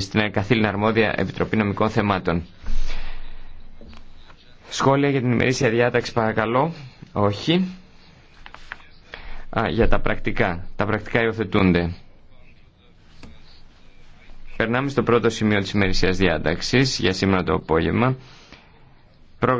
στην καθήλυνα αρμόδια Επιτροπή Νομικών Θεμάτων. Σχόλια για την ημερήσια διάταξη παρακαλώ. Όχι. Α, για τα πρακτικά. Τα πρακτικά υιοθετούνται. Περνάμε στο πρώτο σημείο της ημερησίας διάταξης για σήμερα το απόγευμα.